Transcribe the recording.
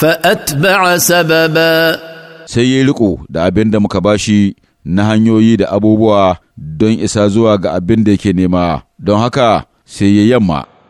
فأتبع sababa. sai ya riko da abin da muka bashi na hanyoyi da abubuwa don isa zuwa ga abin da yake nema don haka sai ya yamma